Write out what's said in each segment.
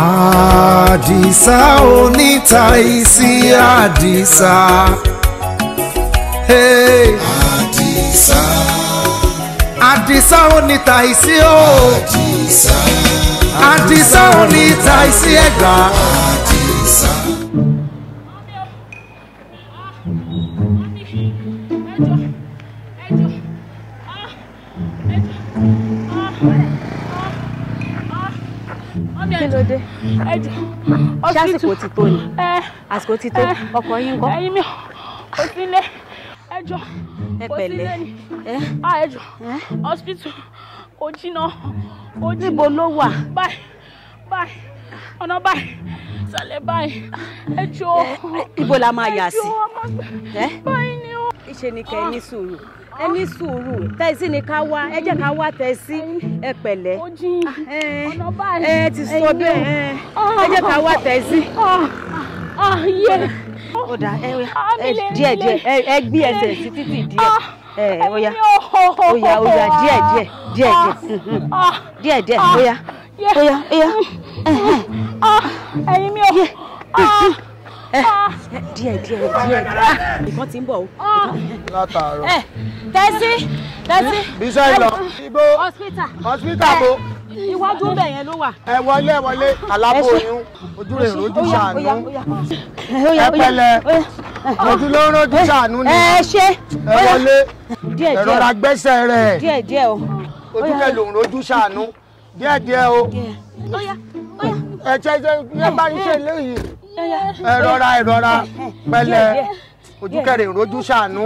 àdìsá oníta isi àdìsá. àdìsá. àdìsá oníta isi o. àdìsá. àdìsá oníta isi ẹ̀gbá. àdìsá. ṣé àsìkò ti tó ni àsìkò ti tó ọkọ yín kọ́. ẹyin mi ò sí ilé ẹjọ kò sí ilé ni ẹjọ hospital kò jìnnà kò jìnnà níbo ló wà. báyìí báyìí ọ̀nà báyìí sálẹ̀ báyìí ẹjọ. ibo la máa yà sí. ẹjọ ọmọ báyìí ni ìṣe ni kẹ́ ẹ ní sùúrù ẹ ní sùúrù tẹ̀sí ni ká wá ẹ jẹ́ ká wá tẹ̀sí ẹ pẹ̀lẹ́ ẹ ti sọ bẹ́ẹ̀ ẹ jẹ́ ká wá tẹ̀sí. Ah, ah, ah, ó dà ẹ díẹ̀ díẹ̀ ẹ gbé ẹsẹ̀ sí títì díẹ̀ ẹ ó yá ó yá ó yá díẹ̀ díẹ̀ díẹ̀ díẹ̀ díẹ̀ díẹ̀ ó yá ó yá ó mm. yá ẹ̀yin mi ò díẹ̀ díẹ̀ díẹ̀ nǹkan ti ń bọ̀ o. látàárọ̀. Eh, tẹ́sí tẹ́sí. iṣẹ́ ìlọ. igbó hospital. hospital bo. Eh, iwájú bẹ̀ yẹn ló wà. ẹ wọlé wọlé aláboyún ojú rẹ̀ rojú ṣàánú. ẹ pẹ̀lẹ́ ojú ló ń rojú eh, ṣàánú ni. ẹ ṣe. ẹ wọlé ẹ rọra gbẹ́sẹ̀ rẹ̀. díẹ̀ díẹ̀ o. ojú rẹ̀ ló ń rojú ṣàánú díẹ̀ díẹ̀ o. ẹ ṣe ṣe ẹ bá ń ṣe léyìí ẹ rọra ẹ rọra pẹ̀lẹ́ ojúkẹrẹ ìrojú ṣàánú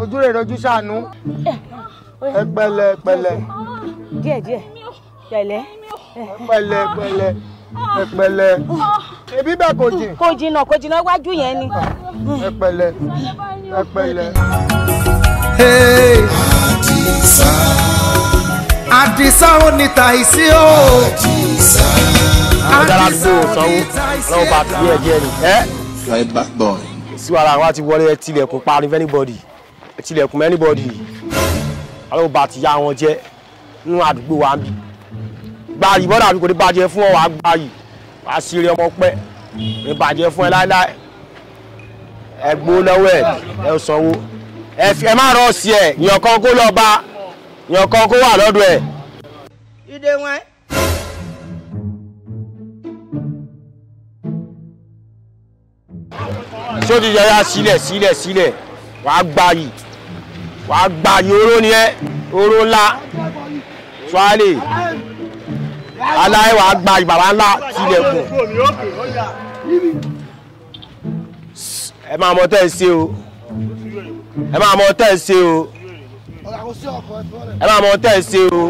ojúrẹ ìrojú ṣàánú ẹ pẹ̀lẹ́ pẹ̀lẹ́. díẹ̀ díẹ̀ pẹ̀lẹ́. pẹ̀lẹ́ pẹ̀lẹ́ ẹ pẹ̀lẹ́ ebi bẹ́ẹ̀ kò jìn. kò jìnnà kò jìnnà iwájú yẹn ni. ẹ pẹ̀lẹ́ ẹ pẹ̀lẹ́. Àdìsá ò ní tàìsí o. Àdìsá back boy. See what I want? ọ̀dára tó sanwó ọlọ́wọ́ bá díẹ̀ díẹ̀ ni. right bad boy. síwára àwọn àti I'm ẹ tilẹ̀kùn parí anybody ẹ I'm anybody ọlọ́wọ́ bá ti yá I'm jẹ́ nínú àdúgbò wa bí. I'm bọ́dà mi kò ní bàjẹ́ I'm ọ wà á gbàyì wà I'm ṣeré ọmọ pẹ́ ní bàjẹ́ I'm ẹ láéláé ẹ gbó lọ́wọ́ I'm ẹ sanwó ẹ má rọ̀ I'm ẹ yàn kan kó lọ́ọ́ I'm yàn kan kó wà lọ́dọ̀ I'm ìdè wọn. tí ó ti yọra sílẹ̀ sílẹ̀ sílẹ̀ wàá gbayì wàá gbayì oró ni ẹ oró ńlá tuwálè aláyé wàá gbayì bàbá ńlá tilẹ̀kùn ẹ máa mọ tẹ́ ẹ ṣe o ẹ máa mọ tẹ́ ẹ ṣe o ẹ máa mọ tẹ́ ẹ ṣe o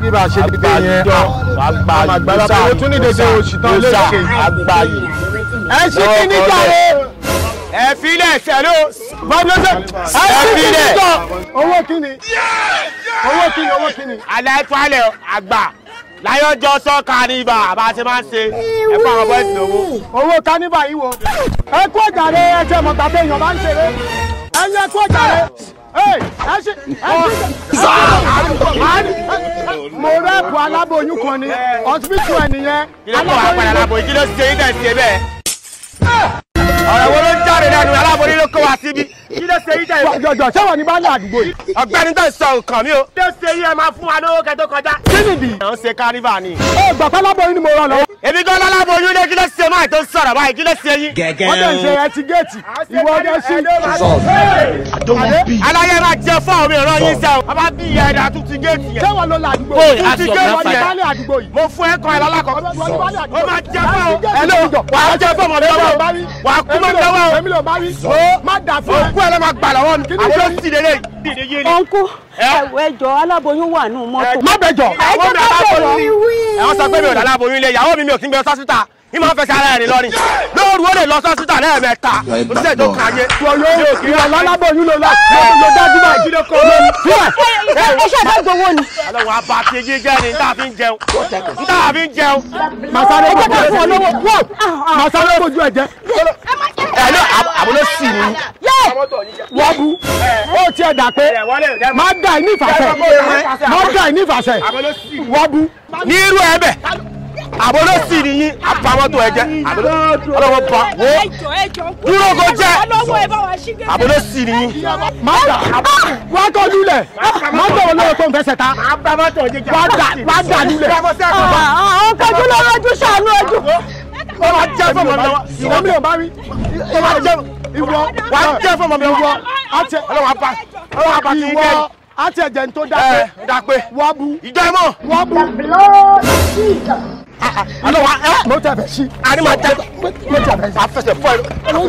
bí bá a ṣe dédé yẹn àgbà yìí ló sà ló sà àgbà yìí ẹ ṣí kí ní jàre. ẹ filẹ̀ ṣẹló. bọ́dọ̀sẹ̀ ẹ ṣí kí jọ. owó kíni. owó kíni owó kíni. alẹ́ falẹ̀ àgbà láyọjọ sọ káníbà bá ṣe máa ń ṣe ẹ fún àwọn bọ́ọ̀sì lówó. owó káníbà yìí wo. ẹ kú ọjà rẹ ẹsẹ mọ̀tà tẹ èèyàn ń ṣeré. ẹ yẹ kú ọjà rẹ. mo rẹ́ẹ̀pù aláboyún kan ni ọsibítù ẹ̀ nìyẹn. kí ló kọ́ àpàdé aláboyún kí ló ṣe é dẹ̀ ṣe bẹ́ẹ̀ ọ̀rọ̀ wo ló ń jáde lẹ́nu aláborí ló kó wa síbi kí ló ṣe yí jẹ́ ìwé. jọjọ sẹ́wọ̀n ni báńdà àdúgbò yìí. ọ̀gbẹ́ni tó ń sọ nǹkan mi o. kí ló ṣe yí ẹ máa fún wa lówó kẹ́ kọjá. kí nìdí. à ń ṣe kánífà ni. ó gbàgbọ́ aláboyún ni mo rán lọ́wọ́. Ebi gan lọ́la bo oyún lé kí ló ṣe máa tó sọ̀rọ̀ báyìí kí ló ṣe yín. gẹ́gẹ́ wọ́n tẹ̀ ń ṣe ẹtí géètì ìwọ ọdẹ sí. aláyẹ máa jẹ fún àwọn èrò yín sẹ́ o. bàbá bí ìyá ẹ̀dá tún ti géètì yẹn. sẹ́wọ̀n ló la àdúgbò yìí. tún ti géètì yẹn mo fún ẹ kan ẹ lọ́la kan. jẹ fún ọ. ẹlò wà á jẹ fún ọmọ lọ́wọ́ wà á kú mọ́ lọ́wọ́. ó kú ẹ lọ́ máa gbà ọ̀nkú ẹ̀wọ̀ ẹ̀jọ̀ aláboyún wà nù mọ́tò. má bẹjọ ẹ̀jọ̀ má bẹjọ ẹ̀wọ̀n sọ pé mi ò dá aláboyún lé ìyàwó mi mi ò kí n gbé sọ́sítà ní máa ń fẹsẹ̀ ara ẹ̀rìn lọ́rin lóòrù ó lè lọ sọ́sítà lẹ́ẹ̀mẹ́ta ó sì ẹ̀jọ̀ kàyé. ìwà lálábòyún ló lọ ló dájú báyìí kí ló kọ́ ló ní. iṣẹ́ tó gbowó ni. ọlọ́wọ́ abá ti yé jẹ́ ni tá a fi ń jẹun tá a fi ń jẹun. màsáré kojú ẹ̀jẹ̀ màsáré kojú ẹ̀jẹ̀. ẹ̀ ló àbúrò sì ni wọ́n bu ó tiẹ̀ dà pé má dà ní ìfàsẹ̀ má dà ní ìfàsẹ̀ wọ́n bu. ní irú ẹ bẹ̀ àbọ̀dọ̀ sì ni yín àbámọ́tò ẹ jẹ́ ọlọ́wọ́ bá wo dúró kó jẹ́ àbọ̀dọ̀ sì ni yín. má dà wá kọ́ lulẹ̀ má dà wọ́n lọ́wọ́ tó ń fẹsẹ̀ ta wá dà lulẹ̀. ọkọ̀jú lọ́wọ́ ojú sànú ojú. ọmọ jẹ́ fún ọmọ mi ò bá rí ọmọ jẹ́ fún ìwọ wà á jẹ́ fún ọmọ mi ìwọ àti ọlọ́wọ́ apá ọlọ́wọ́ apá ti ìwọ àti ẹ̀jẹ̀ tó dápé dápé wà bu ìjọ ẹ̀ mọ̀ wà bu. ọlọ́wọ́ ẹ. mo tẹ fẹ́ sí. àní ma jẹ mo tẹ fẹ́ sí. wà á fẹsẹ̀ fọ ẹ ọlọ́wọ́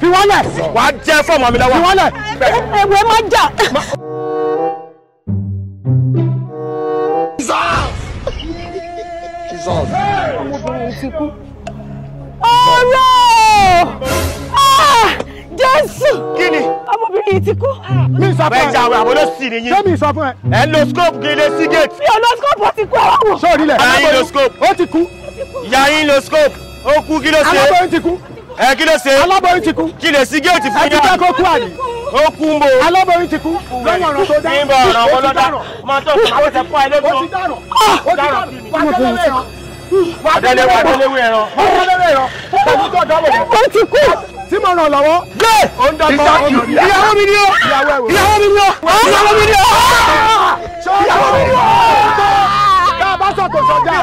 fi wálẹ̀ fi wálẹ̀ wà á jẹ́ fún ọmọ mi lọ́wọ́ fi wálẹ̀ ẹ̀wẹ̀ má jà. Jesus. Jesus. ọlọ́run. yìí ti kú. mi sọ fún ẹ bẹ́ẹ̀ jáwé àwọn olóṣì nìyí. ṣé mi sọ fún ẹ. ẹ lo scope kí ilé sí gate. mi ò lo scope ó ti kú ọwọ́ wò. sọ orílẹ̀ yayin lo scope ó ti kú. yayin lo scope ó kú kí ló ṣe. aláboyún ti kú. ẹ kí ló ṣe. aláboyún ti kú. kí lè sí gate fún yàrá. ẹ ti jẹ́ kó kú àná. ó kú ń bo. aláboyún ti kú. lọ́wọ́ ọ̀rọ̀ tó dá. níbo ọ̀rọ̀ wọn ló dá. máa tọ́ sí ó ti dànù tí mo ràn lọ́wọ́. ìyàwó mi ni o ìyàwó mi ni o ìyàwó mi ni o ìyàwó mi ni o. bá a bá sọ̀kò sọ̀jà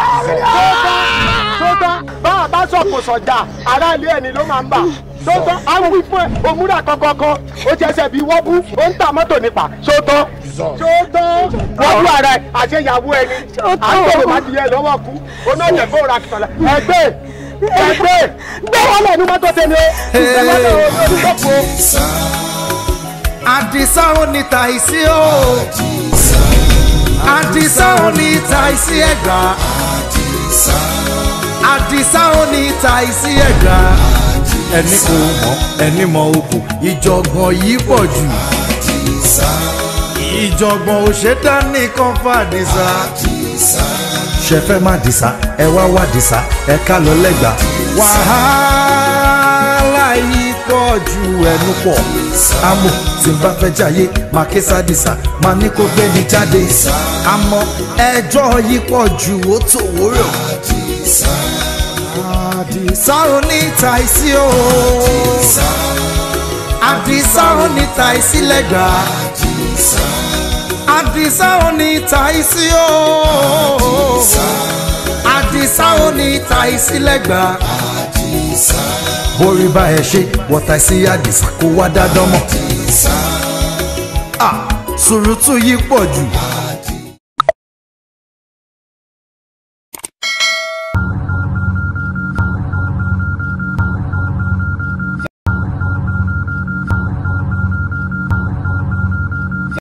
sótán bá a bá sọ̀kò sọ̀jà aráàlú ẹni ló máa ń bà sótán á wí fún ẹ òmùrà kankankan ó ti ẹsẹ̀ bíi wọ́bú ó ń ta mọ́tò nípa sótán sótán wọ́bú ara ẹ̀ àṣeyàwó ẹni àgbẹ̀wò má ti yẹ lọ́wọ́ kú onáyẹ̀fọ́ ra kìtọ̀lá ẹgbẹ́ ẹgbẹ́ gbé wọn lẹ́nu mọ́tò tẹ̀lé o ìṣẹ̀lẹ̀ lọ́wọ́ olùdókòwò. àdìsá ò ní tàìsí o àdìsá ò ní tàìsí ẹ̀gbá àdìsá ò ní tàìsí ẹ̀gbá ẹni kò mọ ẹni mọ òkú ìjọ̀gbọ̀n yìí pọ̀ jù ìjọ̀gbọ̀n ò ṣe dá nìkan fún àdìsá ṣe fẹ́ má dìsá ẹ wá wá dìsá ẹ ká lọ lẹ́gbà. wàhálà yìí pọ̀ ju ẹnu pọ̀ àmọ́ tí n bá fẹ́ jayé máa ké sádìsá máa ní kó gbé mi jáde àmọ́ ẹjọ́ yìí pọ̀ ju ó tó wúrọ̀. àdìsá ò ní ta ìsí o àdìsá ò ní ta ìsí lẹ́gbàá àdìsá òní tàìsí o àdìsá òní tàìsí lẹ́gbàá borí bá ẹ ṣe wọ́tà sí àdìsá kó wá dá dánmọ́ ah, sùrùtù yìí pọ̀ jù.